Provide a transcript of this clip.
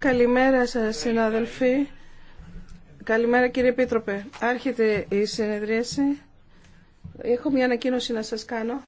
Καλημέρα σα συναδελφοί. Καλημέρα κύριε Επίτροπε. Άρχεται η συνεδρίαση. Έχω μια ανακοίνωση να σα κάνω.